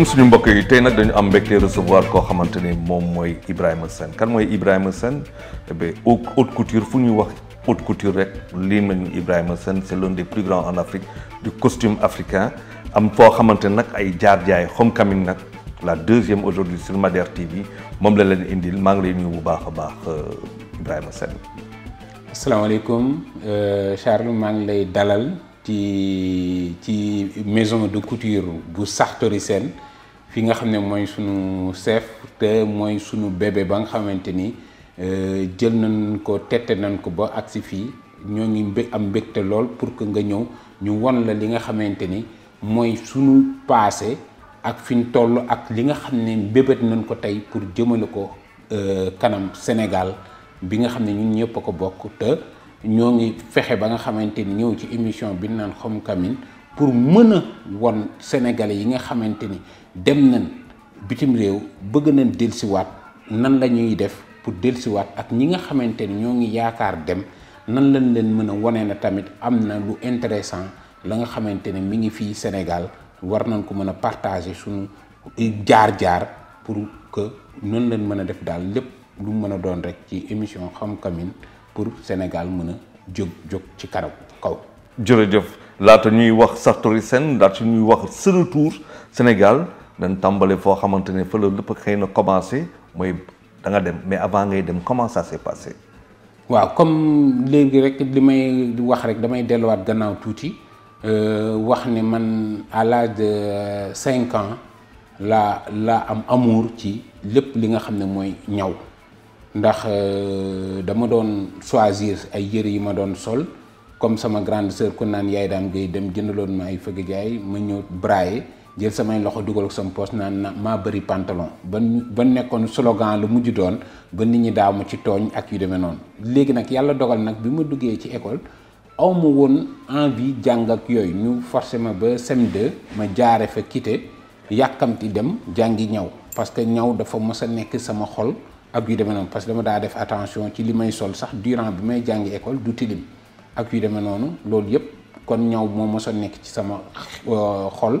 asalaamaaleykum suñu mbokk yi tey nag dañu am mbégte recevoir koo xamante ni moom mooy Ibrahima Sène kan mooy Ibrahima Sène eh ba haute couture fu wax haute couture rek lii ma ñu Ibrahima Sène l'un des plus grands en Afrique du costume africain am foo xamante nag ay jaar-jaay homecoming nag la deuxième aujourd'hui sur Madère TV moom la leen indil maa ngi lay nuyu bu baax a baax euh, Ibrahima Sène. asalaamaaleykum euh, Charles maa ngi lay dalal. ci ci maison de couture bu Sartori Sène fi nga xam ne mooy sunu chef te mooy sunu bébé ba nga xamante ni euh, jël nañ ko tete nañ ko ba si fii ñoo ngi mbé am mbégte lool pour que nga ñëw ñu won la li nga xamante ni mooy sunu passé ak fi ñu toll ak li nga xam ne mbébét nañ ko tey pour jëmale ko euh, kanam Sénégal bi nga xam ne ñun ñëpp ko bokk te ñoo ngi fexe ba nga xamante ni ñëw ci émission bi naan Homecoming pour mën a won Sénégalais yi nga xamante ni dem nañ bitim réew bëgg nañ dellusiwaat nan la ñuy def pour dellusiwaat ak ñi nga xamante ni ñoo ngi yaakaar dem nan lañ leen mën a wane na tamit am na lu intéressant la nga xamante ne mi ngi fii Sénégal war nañ ko mën a partager suñu jaar-jaar pour que noonu leen mën a def daal lépp lu mën a doon rek ci émission xam-xamin pour Sénégal mën a jóg jóg ci kanam kaw. jërëjëf laata ñuy wax Sartori Sène laata ñuy wax sa Sénégal. dañ tàmbale foo xamante ne fële lépp xëy na commencé mooy da dem mais avant ngay dem comment ça s'est passé. waaw comme léegi rek li may wax rek damay delluwaat gannaaw tuuti euh, wax ne man à l'âge de cinq ans laa laa am amour ci lépp li nga xam ne mooy ñaw ndax euh, dama doon choisir ay yëre yi ma doon sol comme sama grande sœur ku naan yaay daan ngay dem jëndaloon ma ay fëgg jaay ma ñëw brailler. jël samay loxo dugal ak sama poche nan na ma bëri pantalon ban ban nekkoon slogan lu mujj doon ba nit ñi daamu ci togn ak yu demee non léegi nak yalla dogal nak bima duggé ci école awmu ma envie jang ak yoy ñu forcément ba sem 2 ma jaaré fa quitter yakamti dem jangi ñaw parce que ñaw dafa mësa nekk sama xol ak yu demee non parce que dama daa def attention ci limay sol sax durant bi may jàngi école du tilim ak yu demee non lool yépp kon ñaw mo mësa nekk ci sama euh, xol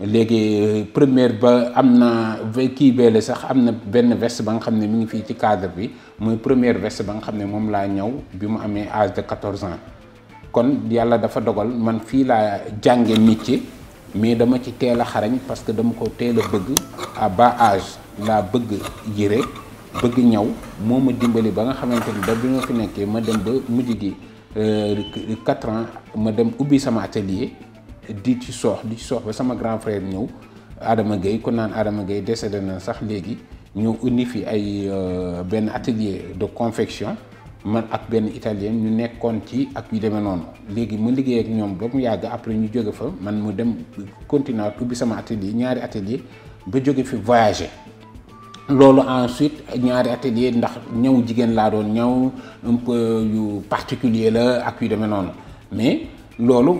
léegi euh, première ba amna na kii bee sax amna na benn veste ba nga xamné mi ngi fi ci cadre bi moy première veste ba nga xamné mom la laa ñëw bi mu amee âge de 14 ans kon yalla dafa dogal man fi la jànge métier mais dama ci teel xarañ parce que dama ko teel bëgg à bas âge la bëgg yére bëgg ñaw moma dimbali ba nga xamanteni da bi nga fi nekkee ma dem ba mujj gi 4 euh, ans ma dem ubi sama atelier dit ci soox dit ci soox ba sama grand frère ñëw Adama Gueye ku naan Adama Gueye décédé na sax léegi ñu indi fi ay euh, benn atelier de confection man ak ben italien ñu nekkoon ci ak yu demee noonu léegi ma liggéey ak ñoom ba mu yàgg après ñu jóge fa man mu dem continent ubbi sama atelier ñaari atelier ba jóge fi voyager loolu ensuite ñaari atelier ndax ñaw jigen la doon ñaw un peu yu particulier la ak yu demee non mais loolu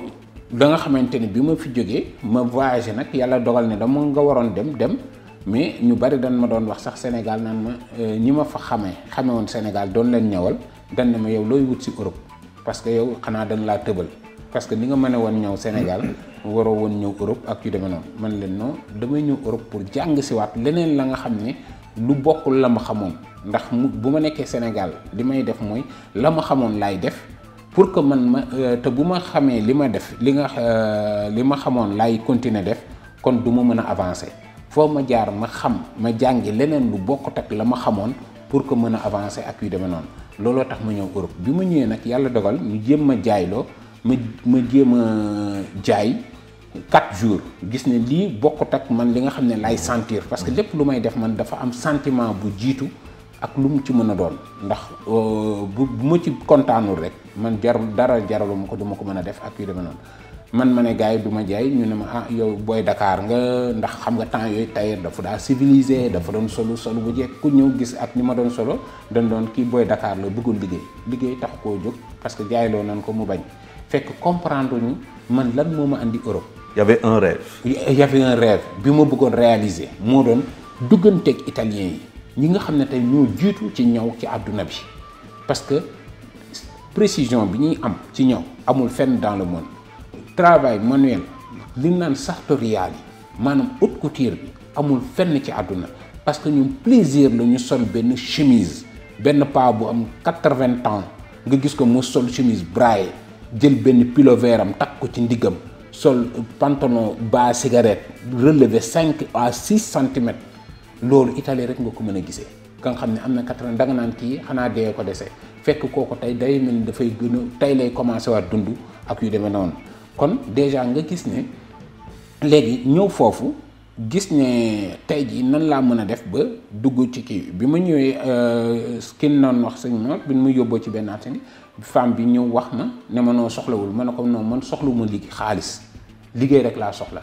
ba nga xamante ni bi ma fi jógee ma voyagé nag yàlla dogal ne dama nga waroon dem dem mais ñu bari dañ ma doon wax sax Sénégal naan ma euh, ñi ma fa xamee xame woon Sénégal doon leen ñëwal dañ ne ma yow looy wut si Europe parce que yow xanaa dañ laa tëbal parce que ni nga mën a woon ñaw Sénégal mm-hmm. waroo woon ñëw Europe ak yu deme noonu man leen non damay ñëw Europe pour jàng si waat leneen la nga xam ne lu bokkul la ma xamoon ndax bu ma nekkee Sénégal li may def mooy la ma xamoon laay def pour que man ma euh, te bu ma xamee def li nga euh, continuer kon avancer foo ma jaar ma xam ma jàngi leneen lu la pour que mën avancer ak yu ma Europe bi ma ñëwee nag dogal ñu jours gis man li nga ne sentir parce que lépp lu may def man am sentiment bu ak lu mu ci mën a doon ndax euh, bu bu ma ci kontaanul rek man jarul dara jaralu ma ko du ma ko mën a def ak yu demee noonu man ma ne gars yi du ma jaay ñu ne ma ah yow booy Dakar nga ndax xam nga temps yooyu tailleur dafa daa civilisé dafa doon solo solo bu jekk ku ñëw gis ak ni ma doon solo dañ doon kii booy Dakar la bëggul liggéey liggéey tax koo jóg parce que jaayloo nañ ko mu bañ fekk comprendre ñu man lan moo ma indi Europe. y un rêve. y avait un rêve bi ma bëggoon réaliser moo doon duggante dugganteeg italien yi. nous savons que nous sommes tous les gens de ont vie. Parce que la précision que nous avons, nous avons fait dans le monde. Le travail manuel, ce qui sartorial, la haute couture, nous avons fait dans le monde. Parce que nous avons plaisir de nous faire une chemise. Un père qui a 80 ans, vous voyez que chemise avons une chemise braille. Il a un pilot vert, un pantalon bas cigarette, relevé 5 à 6 cm. loolu Italie rek nga ko mën a gisee ka xam ne am na quatre-vingts danga naan kii xanaa dee ko dese fekk kooku tey day mel dafay gën a tey lay commencé waat dund ak yu demee noonu kon déjà nga gis ne léegi ñëw foofu gis ne tey jii nan laa mën a def ba dugg ci kii bi ma ñëwee euh, kin noonu wax sëñ ma bi mu yóbboo ci benn atelier femme bi ñëw wax ma ne ma noo soxlawul ma ne ko non man soxlu ma liggéey xaalis liggéey rek laa soxla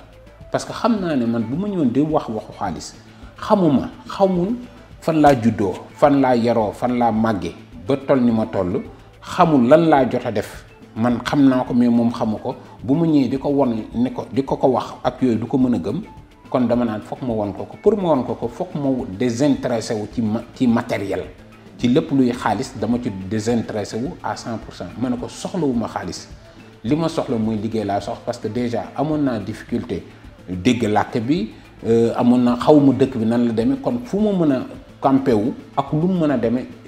parce que xam naa ne man bu ma ñëwoon di wax waxu xaalis. xamuma xamul fan laa juddoo fan laa yaroo fan laa màgge ba toll ni ma toll xamul lan laa jot a def man xam naa ko mais moom xamu ko bu mu ñëwee di ko won ni ko di ko ko wax ak yooyu du ko mën a gëm kon dama naan foog ma won ko ko pour ma won ko ko foog ma désintéressé wu ci ma ci matériel ci lépp luy xaalis dama ci désintéressé wu à cent pour cent ma ne ko soxlawu ma xaalis li ma soxla mooy liggéey laa sox parce que déjà amoon naa difficulté dégg làkk bi Euh, amoon xawmu xaw dëkk bi nan la demee kon fu ma mën campé wu ak lu mu mën a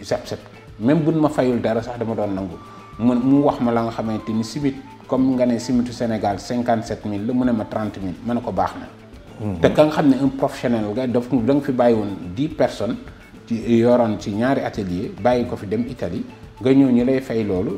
sep-sep même buñ ma fayul dara sax dama doon nangu mu mu wax ma la nga xamante ni simit comme nga ne simitu Sénégal cinquante sept mille mu ne ma trente mille ma ko baax na. Mhm. té ka nga xamné un professionnel nga daf da nga fi bàyyi 10 personnes ci yoroon ci ñaari atelier bayiko fi dem Italie nga ñëw ñu lay fay loolu.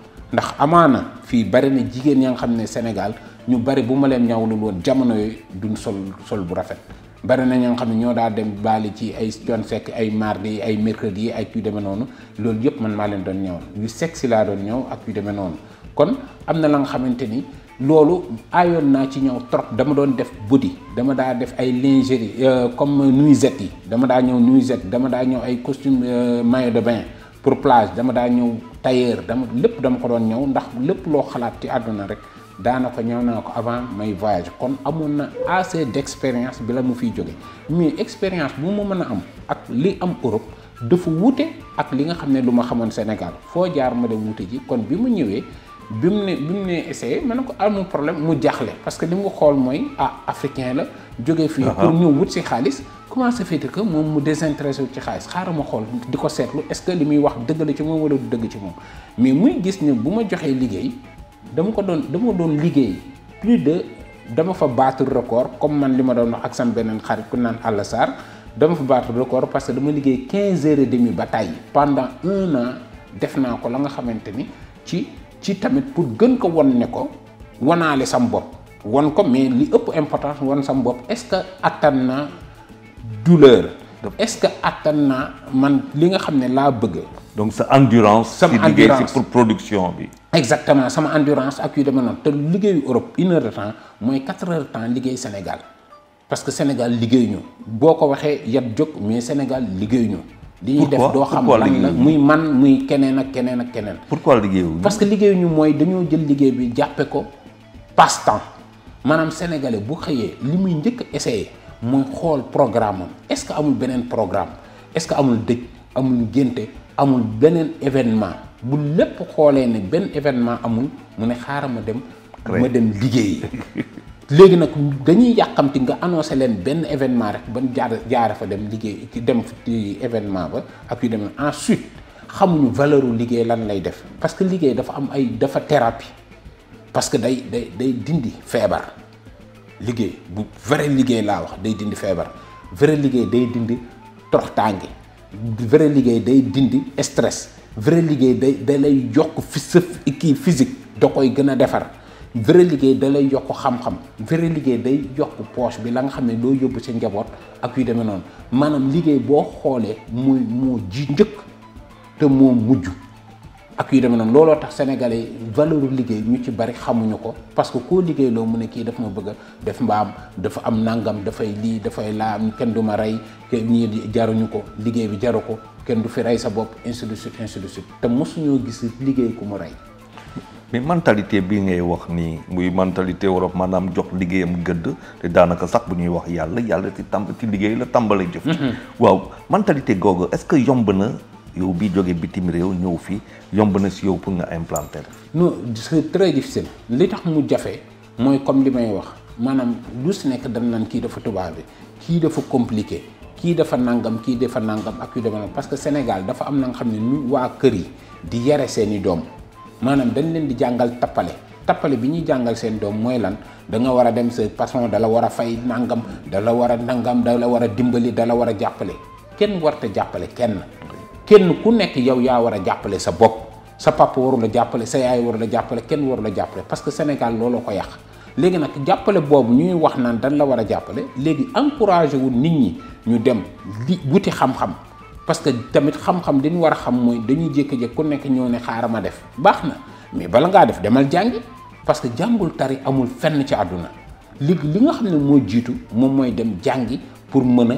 ndax amana fi bari na jigéen nga xam ne Sénégal ñu bari bu ma leen ñawlul woon jamono yooyu duñ sol sol bu rafet bari na nga xam ne ñoo dem baali ci ay con sekk ay mardi ay mercredi ak yu demee noonu loolu yëpp man maa leen doon ñawal yu sexy laa doon ñëw ak yu demee noonu kon am na la nga xamante ni loolu aayoon naa ci ñëw trop dama doon def body dama daa def ay lingerie euh, comme nuisette yi dama daa ñëw nuisette dama daa ñëw ay costume euh, maillot de bain pour plage dama daa ñëw tailleur dama lépp dama ko doon ñëw ndax lépp loo xalaat ci àdduna rek daana ko na naa ko avant may voyage kon amoon na assez expérience bi la mu fiy jóge mais expérience bu ma mën a am ak li am Europe dafa wuute ak li nga xam ne lu ma xamoon Sénégal foo jaar ma dem wuute ji kon bi mu ñëwee bi mu ne bi mu ne essayé ma ko amul problème mu jaxlé parce que li mu xool mooy ah africain la. jógee fi pour ñu wut ci xaalis. comment ça fait que mom mu désintéressé ci xaalis xaramu xol diko sétlu est-ce que limuy wax dëgg la ci mom wala du dëgg ci mom mais muy gis ni buma joxé joxee liggéey dama ko don dama don liggéey plus de dama fa battre record comme man lima don wax ak sam benen xarit ku naan Alla Sarr dama fa battre record parce que dama liggéey 15 heures et demie ba pendant 1 an def naa ko la nga xamanteni ci ci tamit pour gën ko won ne ko wanaale sam bopp won ko mais li ëpp importance won sam bopp est-ce que atanna douleur est-ce que atanna man li nga xamné la bëgg. donc sa endurance. sama endurance ci pour production bi. exactement sama endurance ak yu demee noonu te liggéeyu Europe une heure de temps moy quatre heures de temps liggéey Sénégal parce que Sénégal liggéey ñu boko waxé yat jóg mais Sénégal liggéey ñu. li ñuy def doo xam lan la muy man muy keneen ak keneen ak keneen. pourquoi liggéeyu parce que liggéeyu ñu mooy dañoo jël liggéey bi jàppe ko passe temps maanaam sénégalais bu xëyee li muy njëkk a muy xool programme am est-ce que amul beneen programme est-ce que amul dëj amul ngénte amul beneen événement bu lépp xoolee ne benn événement amul mu ne xaaral ma dem. ma dem liggéeyi. léegi nag dañuy yàqamti nga annoncé leen benn événement rek ban jaar jaare fa dem liggéey ci dem ci événement ba ak yu en ensuite xamuñu valeuru liggéey lan lay def parce que liggéey dafa am ay dafa thérapie parce que day day day dindi feebar liggéey bu vrai liggéey laa wax day dindi feebar vrai liggéey day dindi toroxtaange vrai liggéey day dindi stress vrai liggéey day day lay yokk fi sa kii physique da koy gën a defar vrai liggéey da lay yokk xam-xam vrai liggéey day yokk poche bi la nga xam ne doo yóbbu sa njaboot ak yu demee noonu maanaam liggéey boo xoolee muy mu ji njëkk te moo mujj ak yu demee noonu looloo tax sénégalais valeuru liggéey ñu ci bari xamuñu ko parce que koo liggéey loo mu ne kii dafa ma bëgg def mbaam dafa am nangam dafay lii dafay laa kenn du ma rey ñii jaruñu ko liggéey bi jaru ko kenn du fi rey sa bopp ainsi de suite ainsi te mosuñoo gis liggéey ku mu rey mi eh, mentalité mhm. bi ngay wax ni muy mentalité Europe manam jox liggéeyam gëdd té danaka sax bu ñuy wax yalla yalla ci tàmb ci liggéey la tambalé jëf waaw mentalité gogo est-ce que yomb na yow bi joggé bitim réew ñëw fi yomb na ci yow pour nga implanter no c'est très difficile li tax mu jafe moy comme limay wax manam lu ci nek dañ naan ki dafa bi ki dafa compliqué ki dafa nangam ki dafa nangam ak yu demal parce que Sénégal dafa am na nga xam kër yi di yare seeni dom maanaam dañ leen di jàngal tappale tappale bi ñuy jàngal seen doom mooy lan da war a dem sa patron dala war a fay nangam dala war a nangam dala war a dimbali dala war a jàppale kenn warta jàppale kenn kenn ku nekk yow yaa war a jàppale sa bopp sa papa waru la jàppale sa yaay waru la jàppale kenn waru jàppale parce que Sénégal looloo ko yàq léegi nag jàppale boobu ñuy wax naan dañ la war a jàppale léegi encouragé wu nit ñi ñu dem li wuti xam-xam parce que tamit xam-xam dañu war a xam mooy dañuy jékki-jékki ku nekk ñëw ne xaaral ma def baax na mais bala ngaa def demal jàngi parce que jàngul tari amul fenn ci àdduna li li nga xam ne moo jiitu moom mooy dem jàngi pour mën a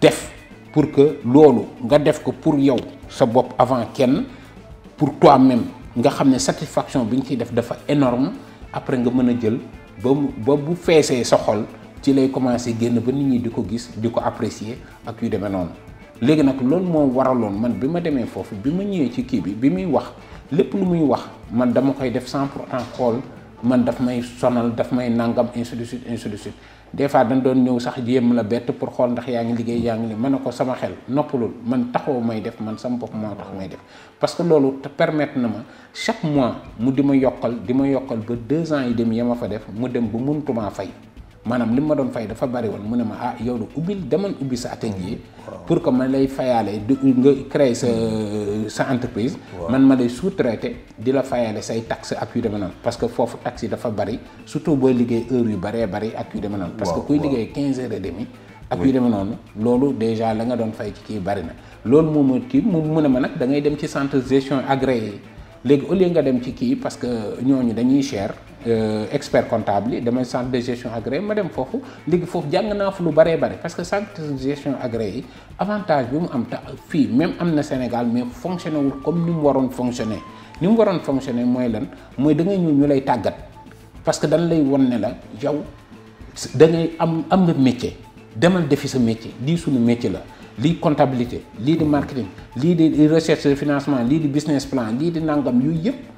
def pour que loolu nga def ko pour yow sa bopp avant kenn pour toi-même nga xam ne satisfaction bi ñu ciy def dafa énorme après nga mën a jël ba mu ba bu feesee sa xol ci lay commencer génn ba nit ñi di ko gis di ko apprécier ak yu demee noonu. légui nak lool mo waralon man bima démé fofu bima bi ci ki bi bi muy wax lépp lu muy wax man dama koy def 100% xol man daf may sonal daf may nangam ainsi de des fois dañ doon ñëw sax jéem la bét pour xol ndax yaangi ngi liggéey yaa ngi li mën ko sama xel noppalul man taxoo may def man sama bopp mo tax may def parce que loolu te permettre na ma chaque mois mu dima ma yokkal di yokkal ba 2 ans et demi yama fa def mu dem ba mënutuma fay manam li ma doon fay dafa bari won mu ne ma ah yow de ubbil demoon ubbi sa atelier pour que man lay fayale di nga créer sa sa entreprise man ma lay sous-traiter di la fayaale say taxe ak yu deme parce que fofu taxe yi dafa bari surtout boy liggéey heure yu bari bari ak yu deme parce que kuy liggéey 15 heures et demi ak yu deme noonu loolu déjà la nga doon fay ci ki bari na lolu momo moo kii mu ne ma nak da ngay dem ci centre gestion agréé légui au lieu nga dem ci ki parce que ñoñu dañuy cher euh, expert comptable yi damay centre de gestion agréé ma dem foofu léegi foofu jàng naa fa lu bare parce que centre de gestion agréé yi avantage bi mu am ta fii même am na Sénégal mais fonctionné wul comme ni mu waroon fonctionner ni mu waroon fonctionner mooy lan mooy da ngay ñëw ñu lay tàggat parce que dañ lay won ne la yow da ngay am am nga métier demal defi sa métier lii suñu métier la lii comptabilité lii di marketing lii di recherche de financement lii di business plan lii di nangam yooyu yëpp.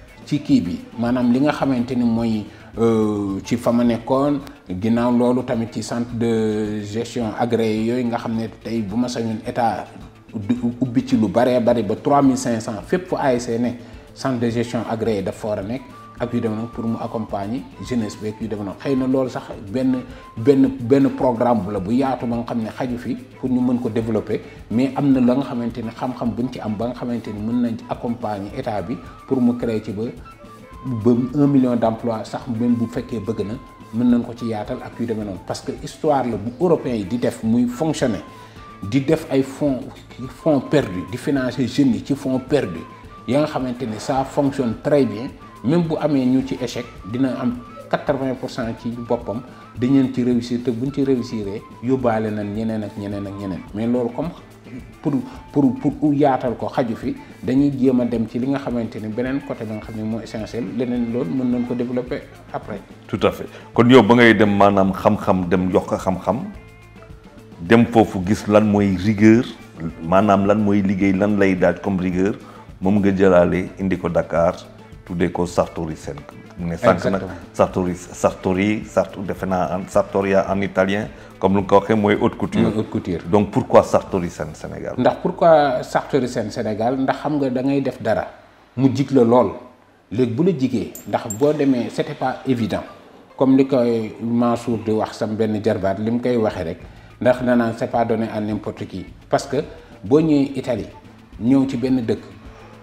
ci kii bi maanaam li nga xamante ni mooy euh, ci fa ma nekkoon ginnaaw loolu tamit ci centre de gestion agréé yooyu nga xam ne tey bu ma sañoon état ubbi ci lu baree bari ba 3500 fépp fu ASC nekk centre de gestion agréé de fa war a nekk ak yu demee noonu pour mu accompagner jeunesse beeg yu demee noonu xëy na sax ben ben ben programme bu la bu yaatu ba nga xam xaju fi pour ñu mën ko développer mais amna la nga xamanteni xam-xam buñ ci am ba nga xamanteni ni mën nañ ci accompagner état bi pour mu créer ci ba ba 1 million d'emplois sax même bu fekkee bëgg na mën nañ ko ci yaatal ak yu demee noonu parce que histoire la bu européen yi di def muy fonctionner di def ay fonds fonds perdus di financer jeunes yi ci fonds perdus yi nga xamante ni ça fonctionne très bien même bu amee ñu ci échec dina am 80% ci boppam dañeen ci réussir te buñ ci réussiree yóbbaale nañ ñeneen ak ñeneen ak ñeneen mais loolu comme pour pour pour yaatal ko xaju fi dañuy jéem a dem ci li nga xamante ni beneen côté ba nga xam ne moo essentiel leneen loolu mën nañ ko développer après. tout à fait kon yow ba ngay dem maanaam xam-xam dem jox ko xam-xam dem foofu gis lan mooy rigueur maanaam lan mooy liggéey lan lay daaj comme rigueur mom nga jëlaale indi ko Dakar tuddee ko Sartori seen mu ne sànq Sartori Sartori Sart defe en Sartoria en italien comme lu ko waxee moy haute couture. haute couture donc pourquoi Sartori sen Sénégal. ndax pourquoi Sartori sen Sénégal ndax xam nga da ngay def dara mu jik le lol léegi bu la jigé ndax bo démé c'était pas évident comme li koy Mansour di wax sam ben jarbaat lim koy waxé rek ndax nana c'est pas donné à n'importe qui parce que bo ñëwee Italie ñëw ci ben dëkk.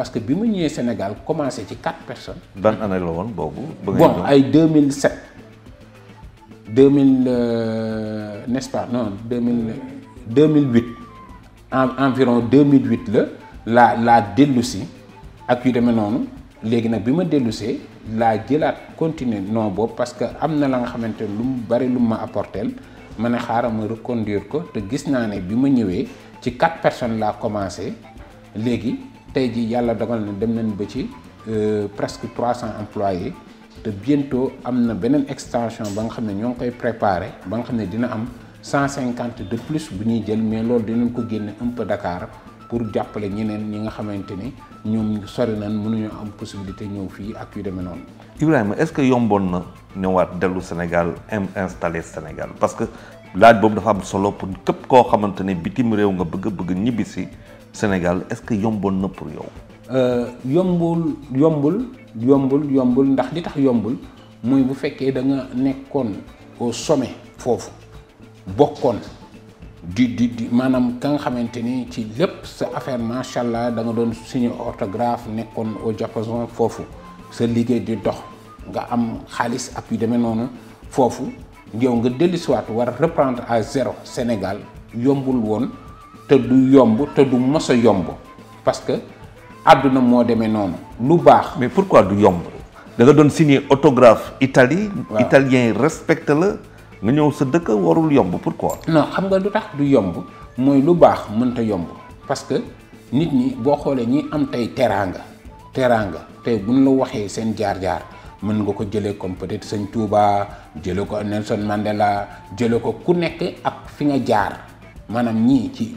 parce que bi mu Sénégal commencé ci quatre personnes. ban année la woon bon ay 2007. 2000 euh, n'est-ce pas non 2000 2008 en environ 2008 le, la la laa dellu si ak yu demee noonu léegi nag bi continuer non boobu parce que amna la nga xamante lu bari lu ma apporteel mané xara xaaral ma reconduire ko te gis na né bima ñëwé ci quatre personnes la commencé légui tey jii yàlla dogal na dem nañ ba ci euh, presque trois cent employés te bientôt am na beneen extension ba nga xam ne ñoo ngi koy préparer ba nga xam ne dina am cent cinquante de plus bu ñuy jël mais loolu dinañ ko génne un peu Dakar pour jàppale ñeneen ñi nga xamante ni ñoom sori nañ mënuñu am possibilité ñëw fii ak yu demee noonu. Ibrahima est-ce que yomboon na ñëwaat dellu Sénégal am installé Sénégal parce que laaj boobu dafa am solo pour képp koo xamante ne bitim réew nga bëgg bëgg ñibbisi. Sénégal est-ce que yomboon na pour yow. Euh, yombul yombul yombul yombul ndax di tax yombul moy bu da nga au sommet fofu di di di ka nga ci affaire da signé orthographe au di dox am khalis fofu yow nga war reprendre à zéro Sénégal yombul won te du yomb te du mës yombo yomb parce que aduna moo demee noonu lu baax. mais pourquoi du yomb da nga doon signé autographe Italie. Ouais. italien respecte la nga ñëw sa dëkk warul yomb pourquoi. non xam nga lu tax du yomb mooy lu baax mënta yomb parce que nit ñi boo xoolee ñi am tey teranga teranga tey buñ la waxee seen jaar-jaar. mën nga ko jëlee comme peut-être sëñ Touba jëlee Nelson Mandela jëlee ko ku nekk ak fi nga jaar maanaam ñii ci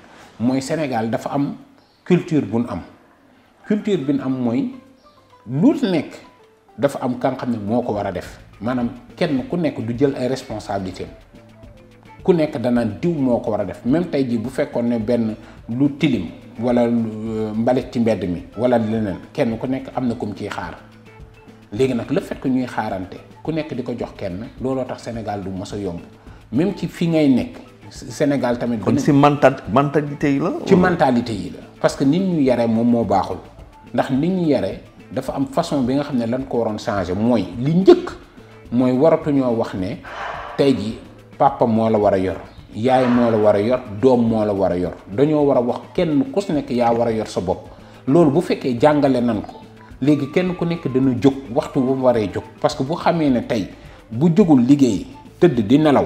moy Sénégal dafa am culture buñ am culture bi am moy lu nek dafa am kan nga moko wara def manam kenn ku nek du jël ay responsabilités ku nek dana diw moko wara def même tey jii bu fekkone ben lu tilim wala euh, mbalit ci mbedd mi wala lenen kenn ku nek amna kum ci xaar légui nak le fait que ñuy xaranté ku nek diko jox kenn lolo tax Sénégal du mësa yomb même ci fi ngay nek Sénégal tamit. kon si manta mentalité yi la. ci mentalité yi la. parce que nit ñu yare moom moo baaxul ndax nit ñu yare dafa am façon bi nga xam ne lan ko waroon changer mooy li njëkk mooy waratuñoo wax ne tey ji papa moo la war a yor yaay moo la war a yor doom moo la war a yor dañoo war a wax kenn ku si nekk yaa war a yor sa bopp loolu bu fekkee jàngale nan ko léegi kenn ku nekk dana jóg waxtu bu waree jóg parce que bu xamee ne tey bu jógul liggéey tëdd di nelaw.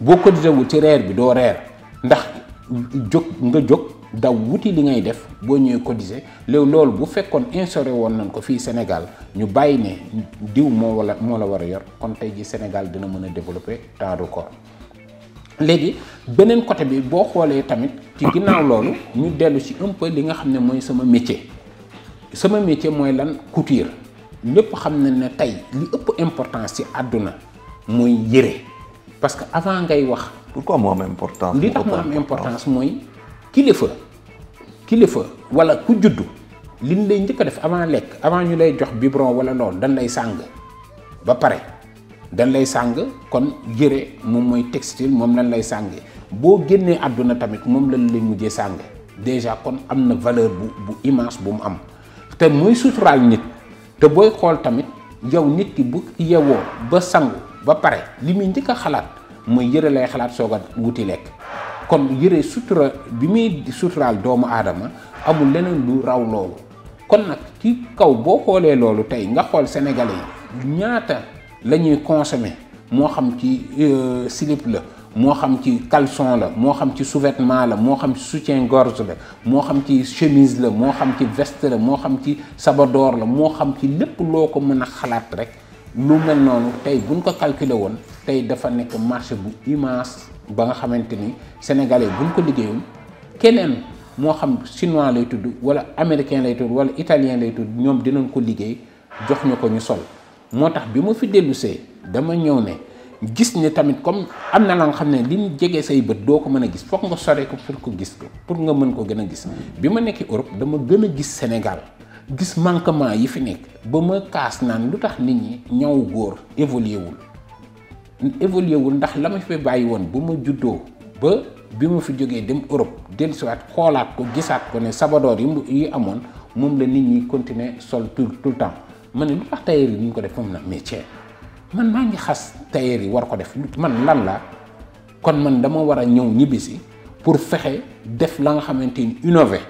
boo cotisé wul ci reer bi doo reer ndax jóg nga jóg daw wuti li ngay def boo ñëwee cotisé léegi loolu bu fekkoon instauré woon nañ ko fii Sénégal ñu bàyyi ne diw moo wala moo la war a yor kon tey ji Sénégal dina mën a développé temps record léegi beneen côté bi boo xoolee tamit ci ginnaaw loolu ñu dellu ci un li nga xam ne mooy sama métier sama métier mooy lan couture lépp xam na ne tey li ëpp importance ci àdduna mooy yëre parce que avant ngay wax. pourquoi moi am importance. li tax mu am importance mooy kilifa kilifa wala ku juddu liñ lay njëkk def avant lek avant ñu lay jox biberon wala loolu dañ lay sang ba paré dañ lay sang kon géré mom moy textile mom lañ lay sang bo génné aduna tamit mom lañ lay mujjé sang déjà kon amna valeur bu bu immense bu mu am té moy sutural nit té boy xol tamit yow nit ki bu yewoo ba sangu. ba pare li muy njëkk a xalaat mooy yëre lay xalaat soog a wuti lekk kon yëre sutura bi muy suturaal doomu aadama amul leneen lu raw loolu kon nag ci kaw boo xoolee loolu tey nga xool sénégalais yi ñaata la ñuy consommer moo xam ci euh, slip la moo xam ci caleçon la moo xam ci sous la moo xam ci soutien-gorge la moo xam ci chemise la moo xam ci veste la moo xam ci sabador la moo xam ci lépp loo ko mën a xalaat rek lu mel noonu tey buñ ko calculer woon tey dafa nekk marché bu immense ba nga xamante ni sénégalais buñ ko liggéeyul keneen moo xam chinois lay tudd wala américain lay tudd wala italien lay tudd ñoom dinañ ko liggéey jox ñu ko ñu sol moo tax bi ma fi dellusee dama ñëw ne gis ne tamit comme am na la nga xam ne li ñu jege say bët doo ko mën a gis foog nga sore ko pour ko gis ko pour nga mën ko gën a gis bi ma nekk Europe dama gën a gis Sénégal gis manquement yi fi nekk ba ma kaas naan lu tax nit ñi ñaw góor évolué wul évolué wul ndax la ma fi bàyyi woon ba ma juddoo ba bi ma fi jógee dem Europe dellusiwaat xoolaat ko gisaat ko ne sabadoor yi yi amoon moom la nit ñi continuer sol tout tout le temps ma ne lu tax tailleur yi ko def moom na métier man maa ngi xas tailleur yi war ko def man lan la kon man dama war a ñëw ñibbisi pour fexe def la nga xamante ni innové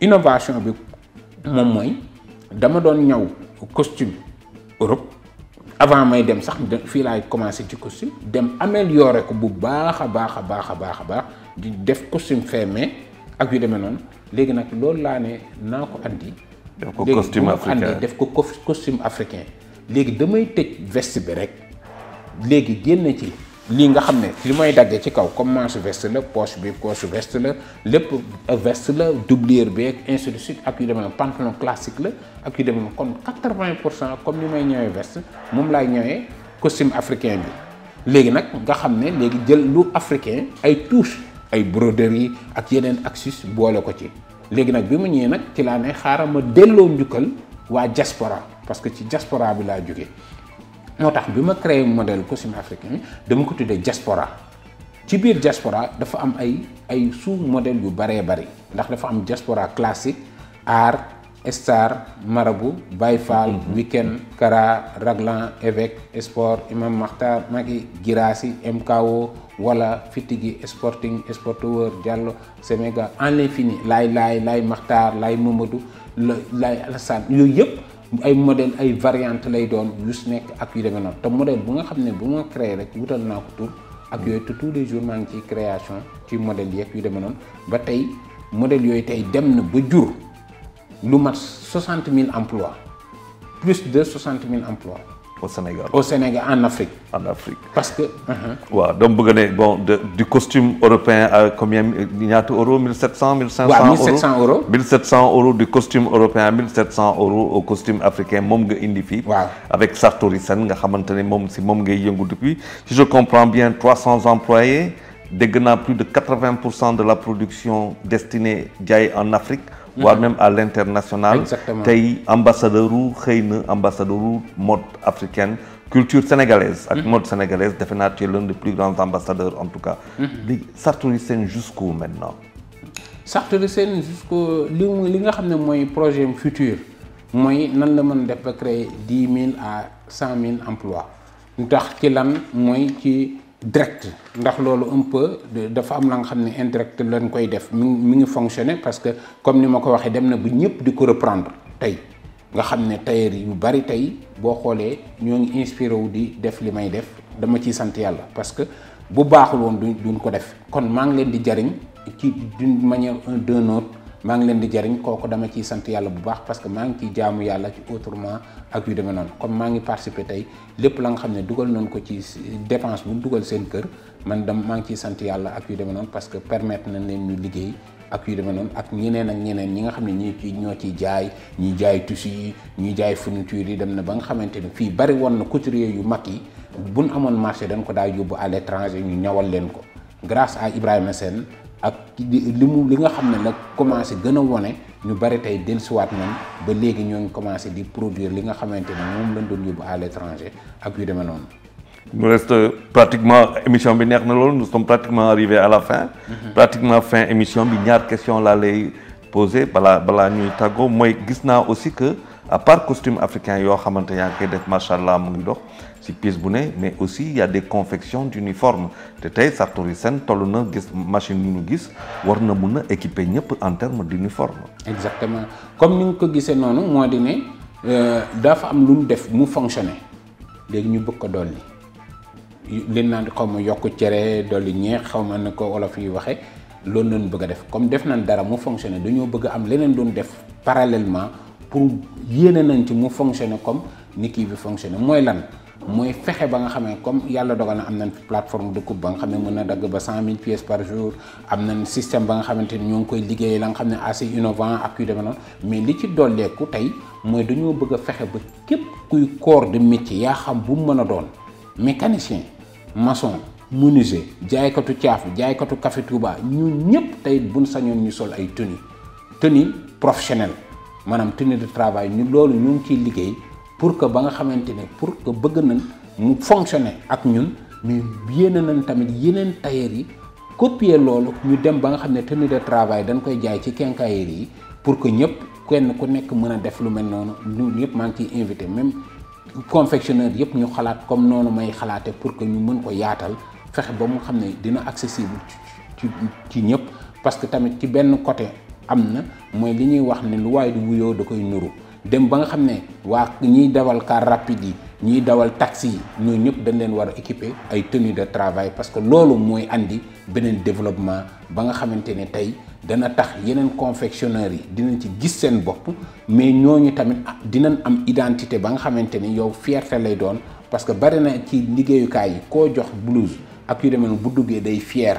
innovation bi moom mooy dama doon ñaw costume Europe avant may dem sax fii laay commencé ci costume dem améliorer ko bu baax a baax a baax a baax a baax di def costume fermé ak yu demee noonu léegi nag loolu laa ne naa ko andi. def ko costume africain def ko costume africain léegi damay tëj veste bi rek léegi génn ci. li nga xamné ne li may daggee ci kaw comme manche veste la poche bi poche veste la lepp veste la doublière bi ak ainsi de suite ak yu demee pantalon classique la ak yu demee kon quatre comme ni may ñëwé veste mom lay ñëwé costume africain bi légui nak nga xamné légui jël lu africain ay touches ay broderie ak yenen axis boole ko ci légui nak bi mu ñëwee nag ci la né xaaral ma delloo njukkal waa diaspora parce que ci diaspora bi la jóge moo tax bi ma créé modèle costume africain bi dama ko tuddee diaspora ci biir jaspora dafa am ay ay sous modèle yu baree bari ndax dafa am jaspora classique art star marabout Baye Fall mhm. weekend kara raglan évêque sport imam Makhtar Maggi Girassi MKO wala Fitigi sporting sporteur Diallo Séméga en l'infini laay laay laay Makhtar laay Mamadou laay Alassane yooyu yëpp ay modèle une variante variantes doon yu si nekk ak yu modèle que nous avons créé rek que naa ko tur tous les jours maa création ci modèle yeeg le demee noonu ba modèle yooyu tey dem na 60 000 emplois plus de 60 000 emplois au Sénégal. Au Sénégal, en Afrique. En Afrique. Parce que. Uh-huh. donc vous bon du costume européen à combien euros 1700 1500. 1700 euros 1700 euros du costume européen à 1700 euros au costume africain Momge Indifi. avec Sartori Sen nga depuis si je comprends bien 300 employés dégg plus de 80 de la production destinée en Afrique voire mm-hmm. même à l'international. Exactement. Tu ambassadeur ou ambassadeur mode africaine, culture sénégalaise, avec mm-hmm. mode sénégalaise, définitivement tu l'un des plus grands ambassadeurs en tout cas. Mm-hmm. Sartori Sen jusqu'où maintenant Sartori Sen jusqu'au. Ce que c'est mon projet futur, c'est que créer 10 000 à 100 000 emplois direct ndax lolu un peu dafa am la nga xam indirect lañ koy def mi ngi fonctionner parce que comme ni mako waxe waxee dem na bu ñepp di ko reprendre tay nga xam ne tailleur yu bari tay bo xolé ñoo ngi inspiré di def li may def dama ci sante yalla parce que bu baaxul woon duñ ko def kon ma ngi leen di jariñ ci d'une manière un d'un autre maa ngi leen di jariñ kooku dama ciy sant yàlla bu baax parce que maa ngi ciy jaamu yàlla ci autrement ak yu demee noonu comme maa ngi participer tey lépp la nga xam ne dugal nañ ko ci dépense bu dugal seen kër man dam maa ngi ciy sant yàlla ak yu demee noonu parce que permettre nañ leen ñu liggéey ak yu demee noonu ak ñeneen ak ñeneen ñi nga xam ne ñi ci ñoo ciy jaay ñuy jaay tissu ñuy jaay fourniture yi dem na ba nga xamante ni fii bari woon na couturier yu mag yi buñ amoon marché dañ ko daay yóbbu à l'étranger ñu ñawal leen ko grâce à Ibrahima Sène ak li mu li nga xam ne commencé gën a wone ñu bari tey dellusiwaat nañ ba léegi ñu ngi commencé di produire li nga xamante ne moom lañ doon yóbbu à l'étranger ak yu demee noonu. nous reste pratiquement émission bi neex na loolu nous sommes pratiquement arrivés à la fin. Mhm. pratiquement fin émission bi ñaar question laa lay posé balaa balaa ñuy tàggoo mooy gis naa aussi que à part costume africain yoo xamante yaa ngi koy def macha allah mu ngi dox ci pièce bu ne mais aussi il y a des confections d'uniformes te tey Sartorisen toll na gis machine yu ñu gis war na mun équiper ñëpp en terme d'uniforme exactement comme ni ko gisee noonu moo di euh dafa am luñ def mu fonctionner léegi ñu bëgg ko dolli li naan xaw ma yokk cere dolli ñeex xaw ma ne ko wolof yi bëgg def comme def nañ dara mu fonctionner dañu bëgg am lénen doon def parallèlement pour yéene nañ ci mu fonctionner comme ni qui bi fonctionner moy lan. mooy fexe ba nga xam comme yàlla dogal na am nañ plateforme de coupe ba nga xam ne mën na dagg ba cent mille pièces par jour am nañ système ba nga xamante ni ñoo ngi koy liggéey la nga xam ne assez innovant ak mais li ci dolleeku tey mooy dañoo bëgg fexe ba képp kuy corps de métier yaa xam bu mu mën a doon mécanicien maçon menuisier jaaykatu caaf jaaykatu café Touba ñun ñëpp tey buñ sañoon ñu sol ay tenue tenue professionnelle maanaam tenue de travail ñu loolu ñu ngi ciy liggéey pour que ba nga xamante ne pour que bëgg nañ mu fonctionner ak ñun mais yéene nañ tamit yeneen tailleur yi coppier loolu ñu dem ba nga xam ne tenu de travail dañ koy jaay ci quincaillerie yi pour que ñëpp kenn ku nekk mën a def lu mel noonu ñun yëpp maa ngi ciy invité même confectionneur yëpp ñu xalaat comme noonu may xalaate pour que ñu mën ko yaatal fexe ba mu xam ne dina accessible ci ci ñëpp parce que tamit ci benn côté am na mooy li ñuy wax ni lu waaye di wuyoo koy nuru dem ba nga xamné wa ñi dawal car rapide yi ñiy dawal taxi ñu ñep dañ leen war a équiper ay tenue de travail parce que lolu moy andi benen développement ba nga xamante ne tey dana tax yeneen confectionneur yi dinañ ci gis seen bop mais ñoñu tamit ah, dinañ am identité ba nga xamante ne yow fierté lay doon parce que bari na ci liggéeyukaay kay ko jox blouse ak yu demee bu duggé day fier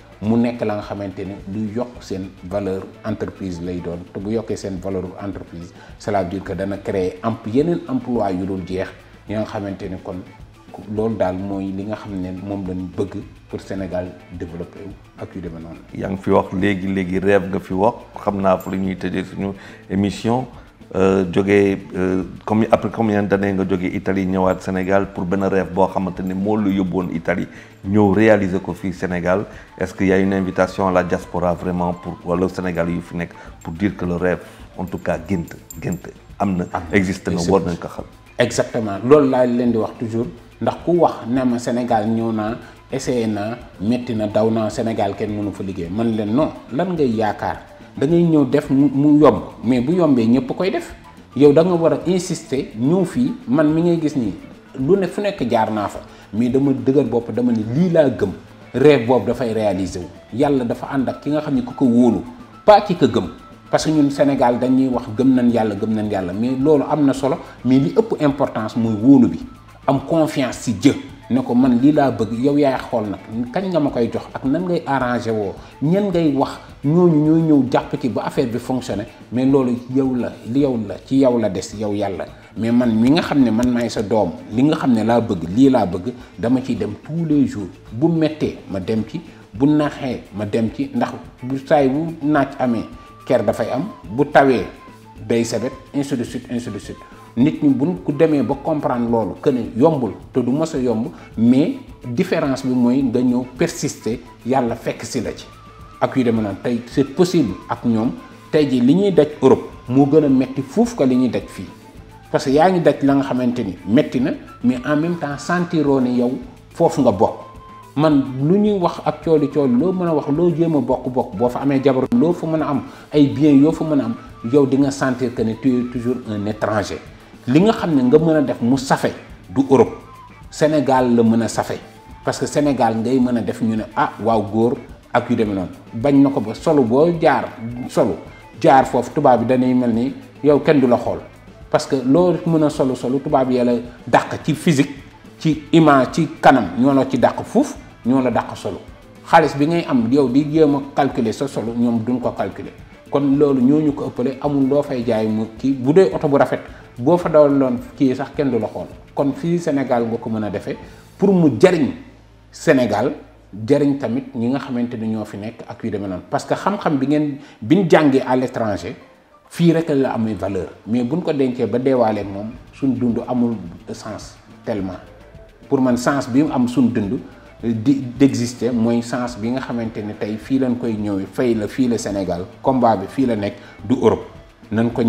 mu nekk la nga xamante ni du yokk seen valeur entreprise lay doon te bu yokkee seen valeur entreprise cela veut dire que dana créer am yeneen emploi yu dul jeex yi nga xamante ni kon loolu daal mooy li nga xam ne moom lañ bëgg pour Sénégal développé wu ak yu demee noonu. yaa ngi fi wax léegi léegi rêve nga fi wax xam naa fu la ñuy tëjee suñu émission. Euh, jogé euh, comme après combien d'années nga jogé Italie ñëwaat Sénégal pour benn rêve bo xamante mo lu yobone Italie ñëw réaliser ko fi Sénégal est-ce qu'il y a une invitation à la diaspora vraiment pour wala Sénégal yu fi pour dire que le rêve en tout cas gént gént amna existe na war nañ ko xam exactement lool la leen di wax toujours ndax ku wax ne ma Sénégal ñëw na essayé naa métti na daw Sénégal kenn mënu fa liggéey man leen non lan ngay yaakaar da ngay def mu yomb mais bu yombé ñëpp koy def yow da nga war insister ñëw fii man mi ngay gis nii lu ne fu nekk jaar naa mais dama dama rêve dafa ànd ki nga xam ku ko pas ki ko gëm parce que ñun Sénégal dañuy wax gëm nañ yàlla gëm mais loolu am na solo mais li ëpp importance bi am confiance ci Dieu ne ko man lii laa bëgg yow yaay xool nag kañ nga ma koy jox ak nan ngay arrangé woo ñen ngay wax ñooñu ñooy ñëw jàpp ci ba affaire bi fonctionné mais loolu yow la li yow la ci yow la des yow yàlla mais man mi nga xam ne man maay sa doom li nga xam ne laa bëgg lii laa bëgg dama ciy dem tous les jours bu mettee ma dem ci bu naxee ma dem ci ndax bu saay bu naaj amee ker dafay am bu tawee day sebet ainsi de suite ainsi nit ñi buñ ku demee ba comprendre loolu que yombul te du mos a yomb mais différence bi mooy nga ñëw persister yàlla fekk si la ci ak yu demee noonu tey c'est possible ak ñoom tey ji li ñuy daj Europe moo gën a metti fuuf ko li ñuy daj fii parce que yaa ngi daj la nga xamante ni metti na mais en même temps sentiroo ne yow foofu nga bokk man lu ñuy wax ak cooli cooli loo mën a wax loo jéem a bokk-bokk boo fa amee jabar loo fa mën a am ay biens yoo fa mën a am yow di nga sentir que ne tu toujours un étranger li nga xam ne nga mën a def mu safe du Europe Sénégal la mën a safe parce que Sénégal ngay mën a def ñu ne ah waaw góor ak yu demee noonu bañ na ko ba solo boo jaar solo jaar foofu tubaab bi dañuy mel ni yow kenn du la xool parce que loo mën a solo solo tubaab bi yàlla dàq ci physique ci image ci kanam ñoo la ci dàq fuuf ñoo la dàq solo xaalis bi ngay am yow di jéem a calculer sa solo ñoom duñ ko calculer kon loolu ñooñu ko ëppale amul loo fay jaay mu kii bu dee oto bu rafet Si fa dawaloon ki sax ken la kon Sénégal nga ko meuna pour Sénégal jariñ tamit ñi nga xamanteni fi nek parce que xam-xam bi ngeen biñ à l'étranger fi rek la amé valeur mais buñ ko ba déwalé mom suñ dundu amul sens tellement pour man sens bi am suñ dundu d'exister moy sens bi nga xamanteni ne fi lañ koy fay la fi Sénégal combat bi la du Europe nañ ko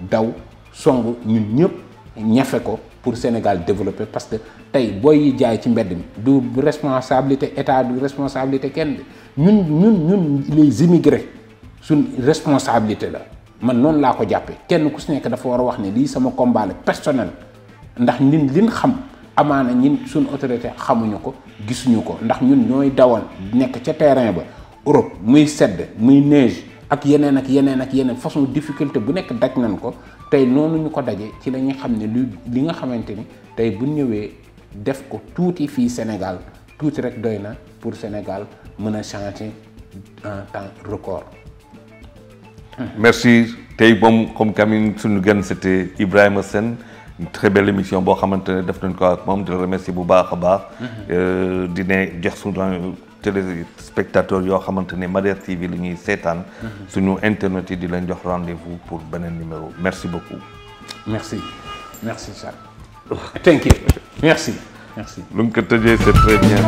daw song ñun ñëpp ñafe ko pour Sénégal développer parce que tey booy yi jaay ci mbedd mi du responsabilité état du responsabilité kenn ñun ñun ñun les immigrés suñ responsabilité la man noonu laa ko jàppe kenn ku si nekk dafa war a wax ne lii sama combat la personnel ndax ñun liñ xam amaana ñun suñ autorité xamuñu ko gisuñu ko ndax ñun ñooy dawal nekk ca terrain ba Europe muy sedd muy neige ak yeneen ak yeneen ak yeneen façon difficulté bu nekk daj nañ ko tey noonu ñu ko daje ci la ñuy xam ne lu li nga xamante ni tey bu ñëwee def ko tuuti fii Sénégal tuuti rek doy na pour Sénégal mën a changer en temps record. merci tey moom comme Camille suñu gan c'était Ibrahima Sène une très belle émission boo xamante ne def nañ ko ak moom di la remercier bu baax a baax. Mm-hmm. Euh, di ne jox suñu téléspectateurs yoo xamante ne Mader TV la ñuy seetaan. Mhm. suñu internet yi di leen jox rendez-vous pour beneen numéro merci beaucoup. merci merci Charles. thank you merci. merci lu mu ko tëjee c'est très bien.